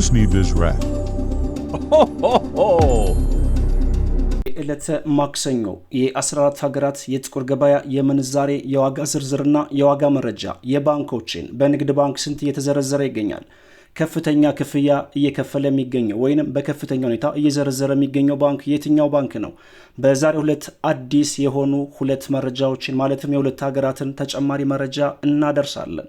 just need this ማክሰኞ የ14 ሀገራት የጥቁር ገበያ የምንዛሬ የዋጋ ዝርዝርና የዋጋ መረጃ የባንኮችን በንግድ ባንክ ስንት እየተዘረዘረ ይገኛል ከፍተኛ ክፍያ እየከፈለ የሚገኘው ወይም በከፍተኛ ሁኔታ እየዘረዘረ የሚገኘው ባንክ የትኛው ባንክ ነው? በዛሬ ሁለት አዲስ የሆኑ ሁለት መረጃዎችን ማለትም የሁለት ሀገራትን ተጨማሪ መረጃ እናደርሳለን።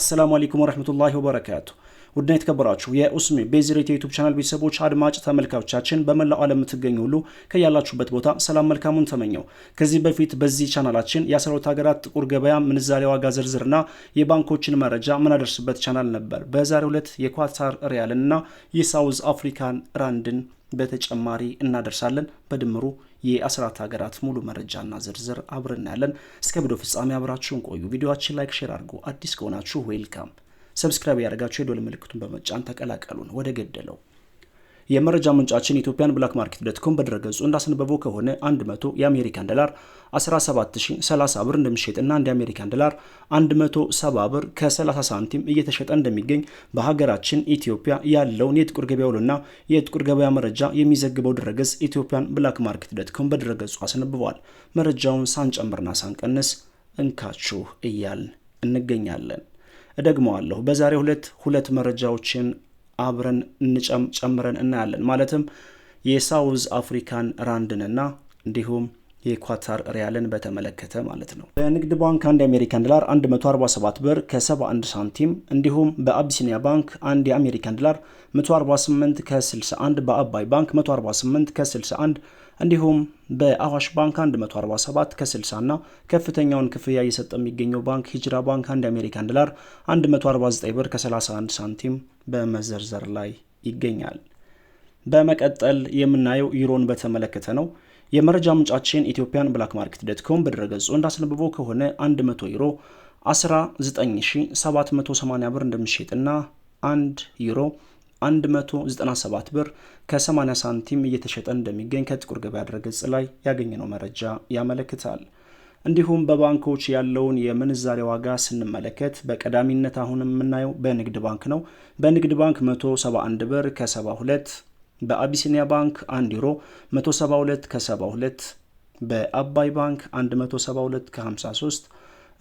አሰላሙ አለይኩም ወረሕመቱላሂ ወበረካቱ። ውድና የተከበራችሁ የኡስሚ ቤዝሬት የዩቱብ ቻናል ቤተሰቦች አድማጭ ተመልካቾቻችን በመላው ዓለም የምትገኙ ሁሉ ከያላችሁበት ቦታ ሰላም መልካሙን ተመኘው። ከዚህ በፊት በዚህ ቻናላችን የአስራሁለት ሀገራት ጥቁር ገበያ ምንዛሬ ዋጋ ዝርዝርና የባንኮችን መረጃ ምናደርስበት ቻናል ነበር። በዛሬው ዕለት የኳታር ሪያልና የሳውዝ አፍሪካን ራንድን በተጨማሪ እናደርሳለን። በድምሩ የአስራት ሀገራት ሙሉ መረጃና ዝርዝር አብረን ያለን። እስከ ቪዲዮ ፍጻሜ አብራችሁን ቆዩ። ቪዲዮችን ላይክ፣ ሼር አድርጉ። አዲስ ከሆናችሁ ዌልካም ሰብስክራይብ ያደረጋቸው የዶል ምልክቱን በመጫን ተቀላቀሉን። ወደ ገደለው የመረጃ ምንጫችን ኢትዮጵያን ብላክ ማርኬት ዶትኮም በድረገጹ እንዳስነበበው ከሆነ 100 የአሜሪካን ዶላር 17030 ብር እንደሚሸጥና አንድ የአሜሪካን ዶላር 170 ብር ከ30 ሳንቲም እየተሸጠ እንደሚገኝ በሀገራችን ኢትዮጵያ ያለውን የጥቁር ገበያ ውሎና የጥቁር ገበያ መረጃ የሚዘግበው ድረገጽ ኢትዮጵያን ብላክ ማርኬት ዶትኮም በድረገጹ አስነብቧል። መረጃውን ሳንጨምርና ሳንቀንስ እንካችሁ እያል እንገኛለን። እደግመዋለሁ። በዛሬ ሁለት ሁለት መረጃዎችን አብረን ጨምረን እናያለን። ማለትም የሳውዝ አፍሪካን ራንድንና እንዲሁም የኳታር ሪያልን በተመለከተ ማለት ነው። በንግድ ባንክ አንድ የአሜሪካን ዶላር 147 ብር ከ71 ሳንቲም እንዲሁም በአቢሲኒያ ባንክ አንድ የአሜሪካን ዶላር 148 ከ61 በአባይ ባንክ 148 ከ61 እንዲሁም በአዋሽ ባንክ 147 ከ60 እና ከፍተኛውን ክፍያ እየሰጠ የሚገኘው ባንክ ሂጅራ ባንክ 1 የአሜሪካን ዶላር 149 ብር ከ31 ሳንቲም በመዘርዘር ላይ ይገኛል። በመቀጠል የምናየው ዩሮን በተመለከተ ነው። የመረጃ ምንጫችን ኢትዮጵያን ብላክ ማርኬት ዶት ኮም በድረገጹ እንዳስነብቦ ከሆነ 100 ዩሮ 19780 ብር እንደሚሸጥና 1 ዩሮ 197 ብር ከ80 ሳንቲም እየተሸጠ እንደሚገኝ ከጥቁር ገበያ ድረገጽ ላይ ያገኘነው መረጃ ያመለክታል። እንዲሁም በባንኮች ያለውን የምንዛሬ ዋጋ ስንመለከት በቀዳሚነት አሁን የምናየው በንግድ ባንክ ነው። በንግድ ባንክ 171 ብር ከ72፣ በአቢሲኒያ ባንክ 1 ዩሮ 172 ከ72፣ በአባይ ባንክ 172 ከ53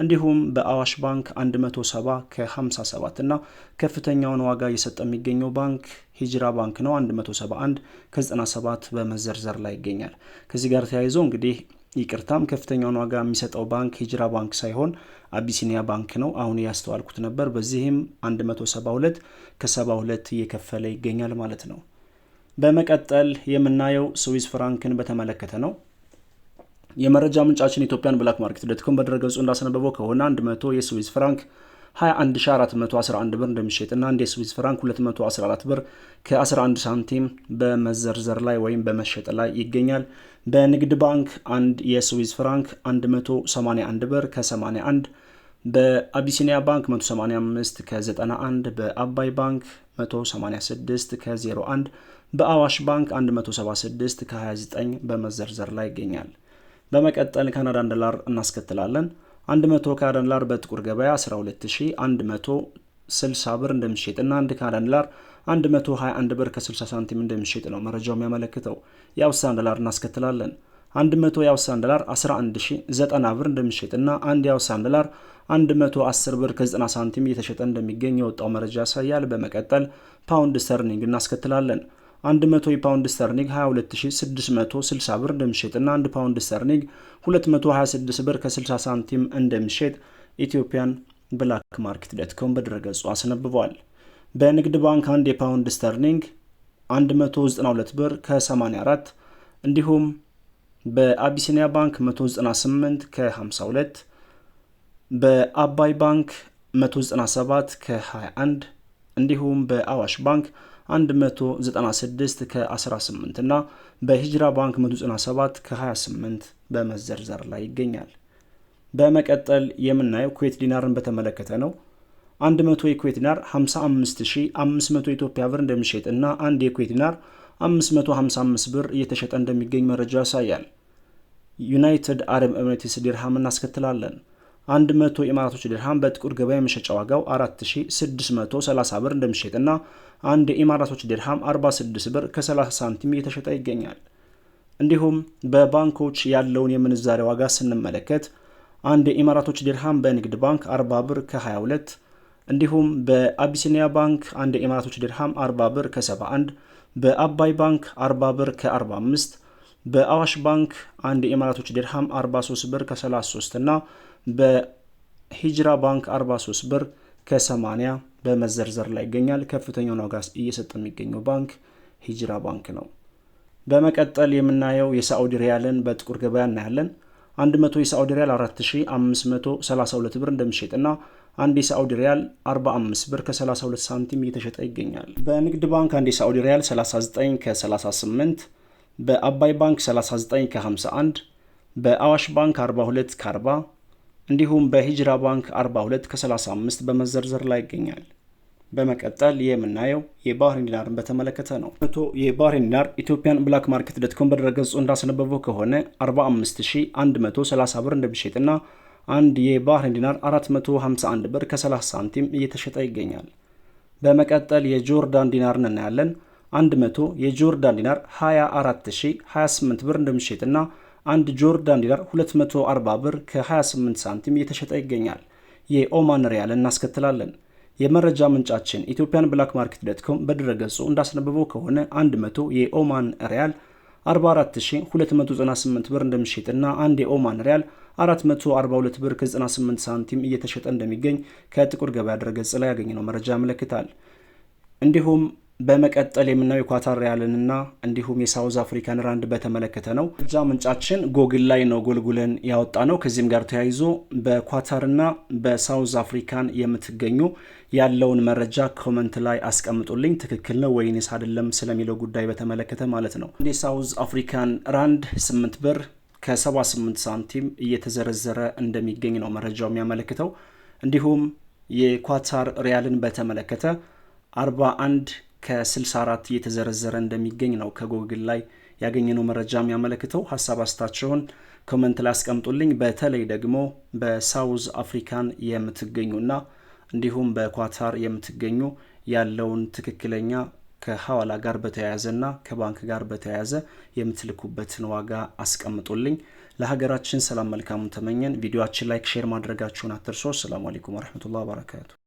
እንዲሁም በአዋሽ ባንክ 170 ከ57 እና ከፍተኛውን ዋጋ እየሰጠ የሚገኘው ባንክ ሂጅራ ባንክ ነው። 171 ከ97 በመዘርዘር ላይ ይገኛል። ከዚህ ጋር ተያይዞ እንግዲህ ይቅርታም ከፍተኛውን ዋጋ የሚሰጠው ባንክ ሂጅራ ባንክ ሳይሆን አቢሲኒያ ባንክ ነው። አሁን ያስተዋልኩት ነበር። በዚህም 172 ከ72 እየከፈለ ይገኛል ማለት ነው። በመቀጠል የምናየው ስዊስ ፍራንክን በተመለከተ ነው። የመረጃ ምንጫችን ኢትዮጵያን ብላክ ማርኬት ዶት ኮም በድረገጹ እንዳስነበበው ከሆነ 100 የስዊዝ ፍራንክ 21411 ብር እንደሚሸጥ እና አንድ የስዊዝ ፍራንክ 214 ብር ከ11 ሳንቲም በመዘርዘር ላይ ወይም በመሸጥ ላይ ይገኛል። በንግድ ባንክ አንድ የስዊዝ ፍራንክ 181 ብር ከ81፣ በአቢሲኒያ ባንክ 185 ከ91፣ በአባይ ባንክ 186 ከ01፣ በአዋሽ ባንክ 176 ከ29 በመዘርዘር ላይ ይገኛል። በመቀጠል ካናዳን ዶላር እናስከትላለን። 100 ካናዳን ዶላር በጥቁር ገበያ 12160 ብር እና 1 ካናዳን ዶላር 121 ብር ከ60 ሳንቲም እንደሚሸጥ ነው መረጃው የሚያመለክተው። የአውስትራሊያን ዶላር እናስከትላለን። 100 የአውስትራሊያን ዶላር 11090 ብር እንደሚሸጥና አንድ የአውስትራሊያን ዶላር 110 ብር ከ90 ሳንቲም እየተሸጠ እንደሚገኝ የወጣው መረጃ ያሳያል። በመቀጠል ፓውንድ ስተርሊንግ እናስከትላለን። 100 የፓውንድ ስተርሊንግ 22660 ብር እንደሚሸጥና 1 ፓውንድ ስተርሊንግ 226 ብር ከ60 ሳንቲም እንደሚሸጥ ኢትዮጵያን ብላክ ማርኬት ዶት ኮም በድረገጹ አስነብቧል። በንግድ ባንክ 1 የፓውንድ ስተርሊንግ 192 ብር ከ84 እንዲሁም በአቢሲኒያ ባንክ 198 ከ52 በአባይ ባንክ 197 ከ21 እንዲሁም በአዋሽ ባንክ 196 ከ18 እና በሂጅራ ባንክ 197 ከ28 በመዘርዘር ላይ ይገኛል። በመቀጠል የምናየው ኩዌት ዲናርን በተመለከተ ነው። 100 የኩዌት ዲናር 55500 ኢትዮጵያ ብር እንደሚሸጥ እና አንድ የኩዌት ዲናር 555 ብር እየተሸጠ እንደሚገኝ መረጃ ያሳያል። ዩናይትድ አረብ ኤምሬትስ ዲርሃም እናስከትላለን። 100 የኢማራቶች ድርሃም በጥቁር ገበያ የመሸጫ ዋጋው 4630 ብር እንደሚሸጥና አንድ የኢማራቶች ድርሃም 46 ብር ከ30 ሳንቲም እየተሸጠ ይገኛል። እንዲሁም በባንኮች ያለውን የምንዛሬ ዋጋ ስንመለከት አንድ የኢማራቶች ድርሃም በንግድ ባንክ 40 ብር ከ22 እንዲሁም በአቢሲኒያ ባንክ አንድ የኢማራቶች ድርሃም 40 ብር ከ71 በአባይ ባንክ 40 ብር ከ45 በአዋሽ ባንክ አንድ የኢማራቶች ድርሃም 43 ብር ከ33 እና በሂጅራ ባንክ 43 ብር ከ80 በመዘርዘር ላይ ይገኛል። ከፍተኛውን ዋጋ እየሰጠ የሚገኘው ባንክ ሂጅራ ባንክ ነው። በመቀጠል የምናየው የሳዑዲ ሪያልን በጥቁር ገበያ እናያለን። 100 የሳዑዲ ሪያል 4532 ብር እንደሚሸጥና አንድ የሳዑዲ ሪያል 45 ብር ከ32 ሳንቲም እየተሸጠ ይገኛል። በንግድ ባንክ አንድ የሳዑዲ ሪያል 39 ከ38፣ በአባይ ባንክ 39 ከ51፣ በአዋሽ ባንክ 42 ከ40 እንዲሁም በሂጅራ ባንክ 42 ከ35 በመዘርዘር ላይ ይገኛል። በመቀጠል የምናየው የባህሬን ዲናርን በተመለከተ ነው። መቶ የባህሬን ዲናር ኢትዮጵያን ብላክ ማርኬት ዶትኮም በድረገጹ እንዳስነበበው ከሆነ 45130 ብር እንደሚሸጥና አንድ የባህሬን ዲናር 451 ብር ከ30 ሳንቲም እየተሸጠ ይገኛል። በመቀጠል የጆርዳን ዲናርን እናያለን። 100 የጆርዳን ዲናር 24028 ብር እንደሚሸጥና አንድ ጆርዳን ዲናር 240 ብር ከ28 ሳንቲም እየተሸጠ ይገኛል። የኦማን ሪያል እናስከትላለን። የመረጃ ምንጫችን ኢትዮጵያን ብላክ ማርኬት ዶት ኮም በድረገጹ እንዳስነበበው ከሆነ 100 የኦማን ሪያል 44298 ብር እንደሚሸጥና አንድ የኦማን ሪያል 442 ብር ከ98 ሳንቲም እየተሸጠ እንደሚገኝ ከጥቁር ገበያ ድረገጽ ላይ ያገኘነው መረጃ ያመለክታል። እንዲሁም በመቀጠል የምናየው የኳታር ሪያልን እና እንዲሁም የሳውዝ አፍሪካን ራንድ በተመለከተ ነው። እዛ ምንጫችን ጎግል ላይ ነው ጎልጉለን ያወጣ ነው። ከዚህም ጋር ተያይዞ በኳታርና በሳውዝ አፍሪካን የምትገኙ ያለውን መረጃ ኮመንት ላይ አስቀምጡልኝ። ትክክል ነው ወይንስ አይደለም ስለሚለው ጉዳይ በተመለከተ ማለት ነው። ሳውዝ አፍሪካን ራንድ 8 ብር ከ78 ሳንቲም እየተዘረዘረ እንደሚገኝ ነው መረጃው የሚያመለክተው። እንዲሁም የኳታር ሪያልን በተመለከተ 41 ከ64 እየተዘረዘረ እንደሚገኝ ነው ከጎግል ላይ ያገኘነው መረጃ የሚያመለክተው። ሀሳብ አስታችሁን ኮመንት ላይ አስቀምጡልኝ። በተለይ ደግሞ በሳውዝ አፍሪካን የምትገኙና እንዲሁም በኳታር የምትገኙ ያለውን ትክክለኛ ከሐዋላ ጋር በተያያዘና ከባንክ ጋር በተያያዘ የምትልኩበትን ዋጋ አስቀምጡልኝ። ለሀገራችን ሰላም መልካሙን ተመኘን። ቪዲዮችን ላይክ፣ ሼር ማድረጋችሁን አትርሶ። ሰላሙ አለይኩም ወረህመቱላህ በረካቱ